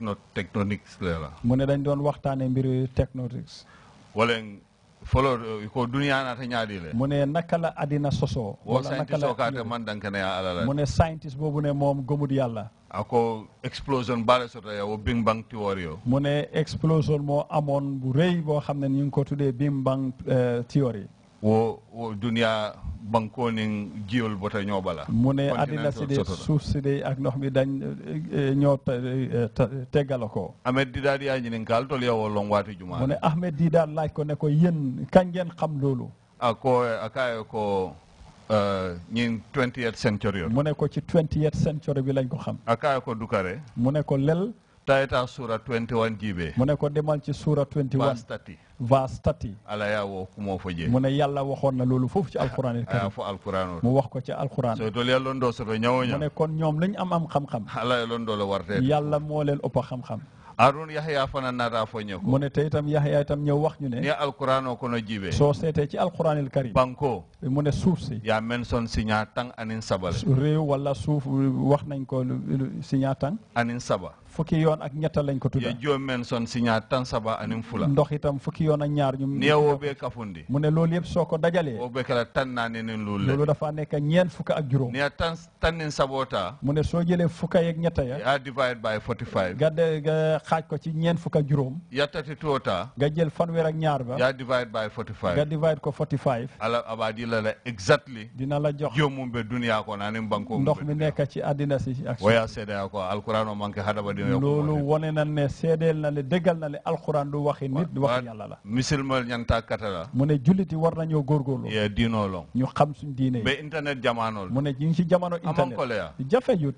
techno technonics lela mune dañ doon waxtane mbiru technonics walen folo ko uh, duniya na ta mu ne mune la adina soso wala nakala ka man dan kana ya alala mune scientist bobu ne moom gomud yalla ako explosion bala sota ya wo bing bang theory yo mune explosion mo amon bu reey bo xamne ñu ko tuddé bing bang uh, theory wo wo duniya bankonin jiol bota bala mu ne adina si de suuf si ak ndox mi dañ eh, eh, ñoo eh, teggala ko Ahmed Didat yaa ñinin kaal tol yow long waati juma mu ne Ahmed Didat laaj ko ne ko yéen kañ ngeen xam loolu ako ko a kaaye ko ñin 20th century mu ne ko ci 20th century bi lañ ko xam a kaaye ko Dukare mu ne ko lel tayta sura 21 jibe mu ne ko demal ci sura 21 verse 30 verse wo kumo foje mu ne yàlla waxoon na loolu foofu ci alquran al karim fo alquran mu wax ko ci alquran so to yàlla ndo kon ñoom lañ am am xam-xam ala yàlla la warte yàlla moo leen ëpp xam-xam Arun Yahya fana nata fo ñeko mu ne te Yahya itam ñëw wax ñu ne ni alquran o kono jibe soo seetee ci alquran al karim banko mu suuf si yaa mention signa tang anin sabal réew wala suuf wax nañ ko signa tang anin saba fukki yoon ak ñetta lañ ko tudda jo men son si ñaar tan saba anin fula ndox itam fukki yoon ak ñaar ñu ne wo be kafundi mu ne loolu yëpp soo ko dajalee wo be kala tan naa ne nen loolu loolu dafa nekk ñeen fukk ak juróom ne tan tannin sabota mu ne soo jëlee fukka yeeg ñetta ya ya divide by 45 ga de ga xaaj ko ci ñeen fukk ak juróom ya tati tuota nga jël fanweer ak ñaar ba ya divide by 45 ga divide ko 45 ala abadi la exactly dina la jox jomum be duniya ko na ne banko ndox mi nekk ci àddina si ak waya seeda ko bi nga loolu wane na ne seedeel na le déggal na le alxuraan du waxi nit du waxi yàlla la misilmal ñanta katala mu ne julliti war nañoo góorgóorlu ye diinoo long ñu xam suñ diine ba internet jamaanool mu ne ñu ngi si jamono internet aman ko leya jafe yut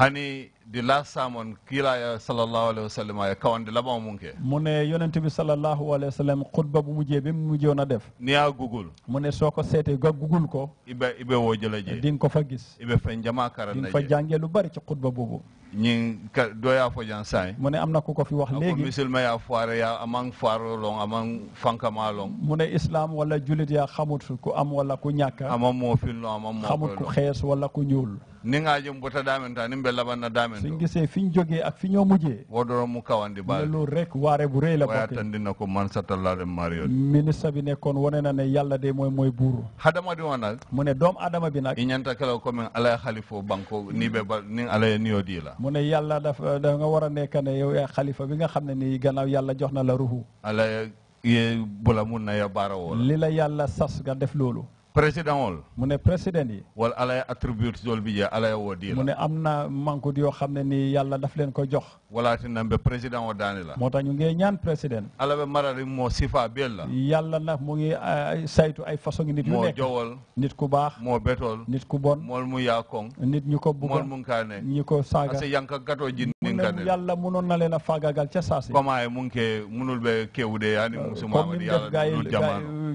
hani di la samon ya sallallahu alaihi wasallam ya kawan di labo munke ke yonent bi sallallahu alaihi wasallam khutba bu mujjee bi mu mujjee na def ni ya gugul mu soko soo ga gugul ko ibe ibe wo jëla jee di ko fa gis ibe fen jama karan na fa jàngee lu bari ci khutba bobu ñi do ya fo jan say mu amna ko ko fi wax ko musulma ya foire ya amang faro long amang fankama long mu islam wala julit ya xamut ku am wala ku ñaka amam mo fi lo amam mo xamut ku xess wala ku ñuul ni nga jëm bu ta damenta ni mbé laban na si suñ gisee fi ñu jógee ak fi ñoo mujjee. woo doon mu kawandi baal loolu rek waare bu rëy la. waaye atandi na ko man satalaale Mario. ministre bi nekkoon wane na ne yàlla de mooy mooy buuru. hadama di wa nag. mu ne doomu adama bi nag. i ñanta kala ko min ala xalifo banko ni be ba ni ala ye niyoo di la. mu ne yàlla dafa da nga war a nekk ne yow xalifa bi nga xam ne nii gannaaw yàlla jox na la ruhu. ala ye bula mun na ya baara woo la. yàlla sas nga def loolu. président ol mu ne président yi wala alaya attributes dool bi jee alaya woo dii mu ne am na manqude yoo xam ne ni yàlla daf leen ko jox wala na mbe président o daani la moo tax ñu ngi ñaan président ala be marari moo sifa bel la yàlla nag mu ngi saytu ay façon nit yu nekk moo jowol nit ku baax moo betool nit ku bon mool mu yaa koŋ nit ñu ko bugg mool mu kaa ne ñi ko saaga parce que yanka gatoo ji ninkane yàlla munoon na leen a faagagal ca saasi comme ay mu ngi kee munul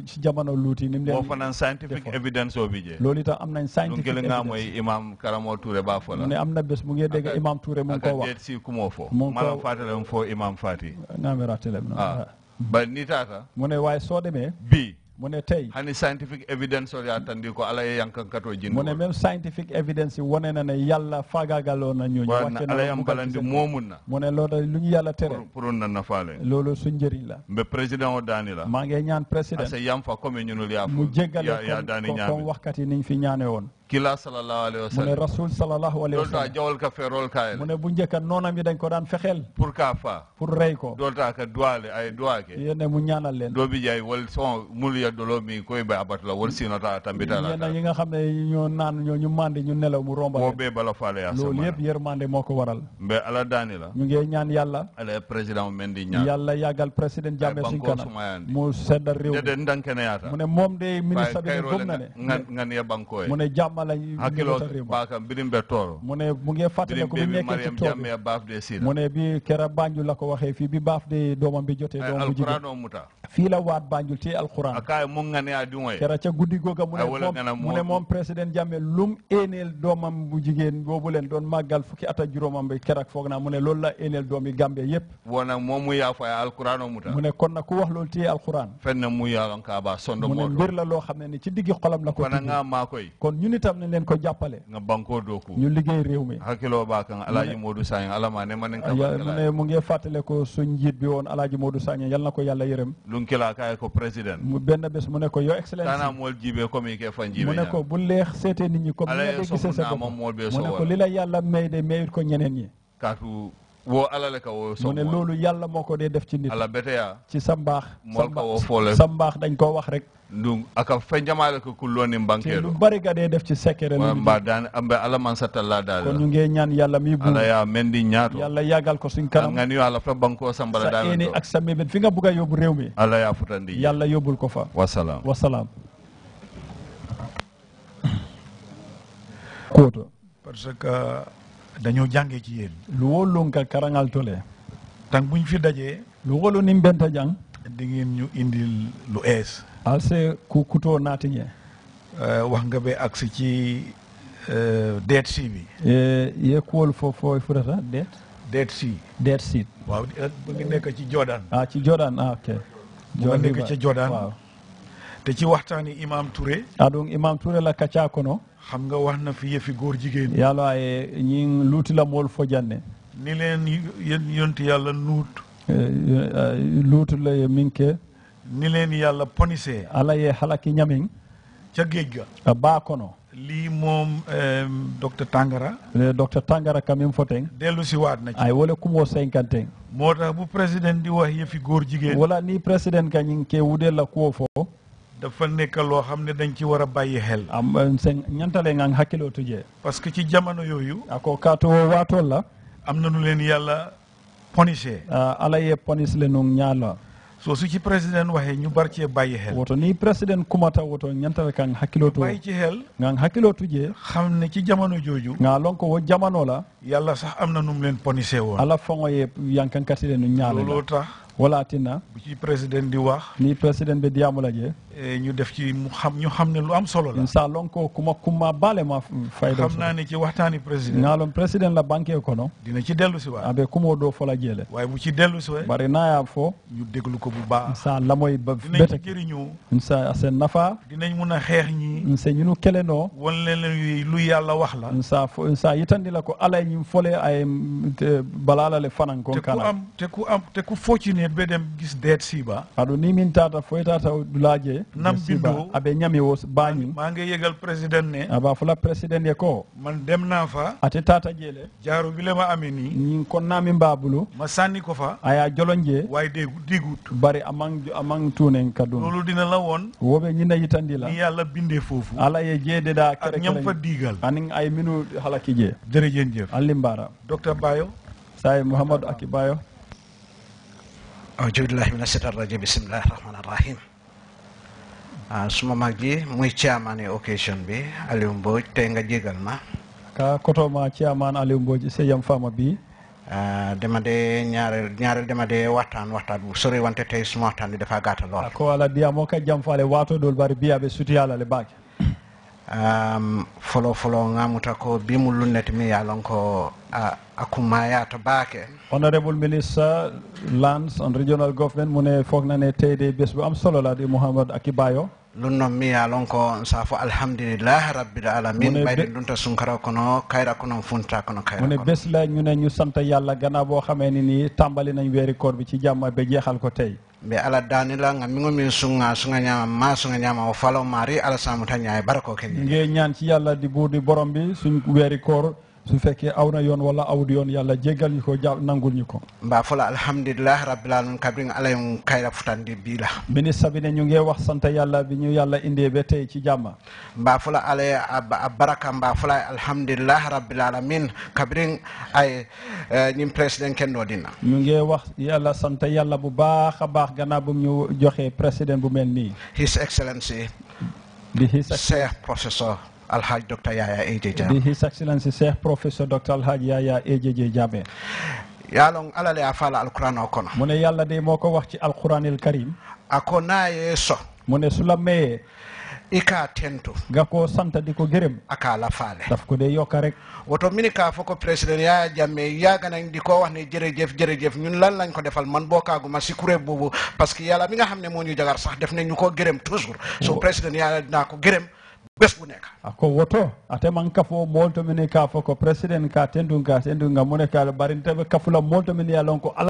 ci jamono luuti nim leen moo fanan scientific evidence o bi jee loolu itam am nañ scientific evidence mooy imam karamo Touré ba fola ne am na bés mu ngi dégg imam Touré mu ko wax si kumo mala fatalem fo imam fati naami ratelem no ah. ba taata mu ne waaye soo demee bii mu ne tey hani scientific evidence o yaatandi ko ala ye yankankato jindi mu ne même scientific evidence wone na ne yàlla faagagaloo na ñooñu wacce ala yam balandi moomun na mu ne loolu lu ñu yàlla tere pour na nafaale loolu su njëriñ la mbe président o daani la maa ngi ñaan président ase yam fa comme ñunul yaa mu jéggal ya daani ñaan waxkat yi niñ fi ñaane woon kila mu ne rasul sallallahu alayhi wa sallam doolta jawol ka feerol kaye mu ne bu njëkk noonam yi dañ ko daan fexeel pour ka faa pour rey ko doolta ka duwaale ay duwaake yéen mu ñaanal leen doo bi jaay wal son mul ya dolo mi koy bay abat wal sinota tambita la yéen yi nga xam ne ñoo naan ñoo ñu mandi ñu nelaw mu romba boo bee bala faale moo ko waral mbe ala daani la ñu ngi ñaan yàlla ala président men di ñaan yàlla yàggal président Jammeh suñ kanam mu seddal réew mu ne moom de ministre bi ne mu lañ hakkilo bakam birim be toro mu ne mu ngi fàttali ko bi nekk ci tool mu ne bi kera banju la ko waxee fii bi baaf de doomam bi jotee doom bu jigéen alquran o muta Fila la waat banjul ci alquran aka mu ngane aduma kera ca guddi googa mu ne mu ne moom président Jammeh lum éeneel doomam bu jigéen fukki kerak foog mu ne loolu la éeneel doom yi Gambie wona moom mu yaa faya alquran o muta mu ne kon na ku wax loolu ci alquran fenn mu yaalan ka ba sondo ne la ni ci xolam la ko kon nga koy kon kan, ne ko nga ñu mi kan Modou ne ne mu ngi ko suñ bi Modou dun kila ka ko president mu benn bés mu ne ko yo excellence tana mool jibe comme ke fan jibe mu ne bu leex seete nit ñi comme ni nga gisee sa bopp mu ne ko li la yàlla may de mayut ko ñeneen ñi wo ala le ka wo so mu ne lolou yalla moko de def ci nit ala ya ci sa mbaax dañ ko wax rek ndung aka fe jamaale ko kulloo ni mbankeero lu bari ga de def ci sekkere lu mba daan ambe ala man la daal ko ñu ngi ñaan yalla mi bu ala ya mendi ñaato yalla yagal ko suñ kanam nga niyo ala fa banko sambala daal ni ak sammi ben fi nga bu ga yobu rew mi ala ya futandi yalla yobul ko fa wasalaam wasalaam kóoto parce que dañoo jàngee ci yéen luwolunka karangal tole tan buñ fi dajee luwolu nin benta jang di ñu indi lu ees alse ku naati ñe eh, wax nga be agsi ci eh, deet si bi eh, ye kuwol fo furata deet deet si deet waaw ba ngi nekk ci Jordan ah, ci Jordan ah ok ba ci Jordan te ci waxtaani Imam Touré aɗum ah, Imam Touré la kaccaa kono xam nga wax na fi yëfi góor jigéen yàlla ye ñi luuti la mool fo janne ni leen yéen yonti yàlla nuut eh, eh, luutu la ye min ke ni leen yàlla ponisee ala ye halaki ñamin ca géej ga baa kono lii moom docteur Tangara docteur Tangara ka min foten dellu si waat na ci ay wala kumoo cinquante moo tax bu président di wax yëfi góor jigéen wala ni président ka ñi ke wudel la kuwo fo dafa nekk loo xam ne dañ ci war a bàyyi xel am sen ñantale nga hakkiloo tujee parce que ci jamono yooyu ako ah, kaato waatol la am na nu leen yàlla ponisé ah, ala ye ponis le nun ñaala soo su ci président waxee ñu bar cee bàyyi xel woto ni président kumata woto ñantale kan hakkiloo tu bàyyi ci xel nga hakkiloo tujee xam ne ci jamono jooju nga lon ko wo jamono la yàlla sax am na nu mu leen ponisé woon ala fongo ye yankankati le nu ñaala looloo tax wala tina bu ci président di wax ni président bi diamula jee Eh, ñu def ci mu xam ñu xam ne lu am solo la. sa lon ko kuma kuma baale ma fayda xam naa ne ci waxtaani président ñaalon président la banque kono dina ci dellu si waay abe kumoo doo fola jeele waaye bu ci dellu si waay bari naayaa fo ñu déglu ko bu baa sa lamoy ba bete jëriñu sa seen nafa dinañ mun a xeex ñi sa ñunu kelenoo wan leen leen lu yàlla wax la sa sa yitandi la ko alay ñu fole ay balaala le fanan kon kana te ku am te ku am te ku fortunate ba dem gis deet siiba aɗo ni min tata foy nam bindo aɓe ñami o bañi ma yegal président ne aba ah, fula président ye ko man dem na fa ate tata jeele jaaru wilema amini ñin konnami mbabulu ma sanni ko fa aya jolonje way de digut bari amang amang tunen kadum lolu dina la won wobe ñina yitandi la ni foofu binde fofu ala ye jeede da kere ñam digal anin ay minu halaki je jerejen jef suma mag ji muy chairman occasion bi Aliou Mbodj tey nga jégal ma ka kotoma chairman Aliou Mbodj seyam fama bi dama de ñaareel dema de waxtaan waxtaan bu sori wante tey suma waxtaan bi dafa gàtta lool ko ala diyamo ka jamfale wato dol bari biyaɓe sutiyalale baake folo folo ngamuta ko bimul lunnete mi yalon ko akummayata baake honorable ministre lands and regional government mu ne foog na ne tey de bés bu am solo la di Akibayo lunnon miya lon ko saafo alhamdulillahi rabbil alamin ɓayde ɗum ta sunkara kono kayra kono funta kono kayra mu ne bés la ñu ne ñu sant yàlla gannaaw boo xamee ni nii tàmbali nañ weeri koor bi ci jàmm ba jeexal ko tey mbe ala danila ngam mingo min sunga sunga ñama ma sunga ñama o falo mari ala samuta ñaaye barako ken di buur di borom bi suñ weeri koor su fekkee aw na yoon wala awut yoon yàlla jéggal ñu ko ja nangul ñu ko mbaa fola alhamdulilah rabbil alamin bii la ministre bi ne ñu ngi wax sant yàlla bi ñu yàlla indee ba tey ci jàmma mbaa fola alay baraka mbaa fola alhamdulilah rabbil alamin kabrin ay eh, ñim président ken dina ñu ngi wax yàlla sant yàlla bu baax a baax gannaaw bu ñu joxe président bu mel nii his excellency di his cheikh professeur Alhaj Dr. Yaya AJ Jammeh. His Excellency Sheikh Professor Dr. Alhaj Yaya AJ Jammeh. yalon alale a fala alquran o kono mune yalla de moko wax ci alquranil karim ako naye so mune sula meye ika tento ga ko santa di ko gerem aka la faale daf ko de yokka rek woto mini ka foko president ya jamme ya ganan di ko wax ne jerejef jerejef ñun lan lañ ko defal man boka guma si kuré bobu parce que yalla mi nga xamne mo ñu jagar sax def ne ñu ko gerem toujours so president ya na ko gerem bés bu nekk ako woto ateman kafo molto mini ka fo ko president ka tendun ka tendun ga mune ka barin tabe kafula molto mini ya lonko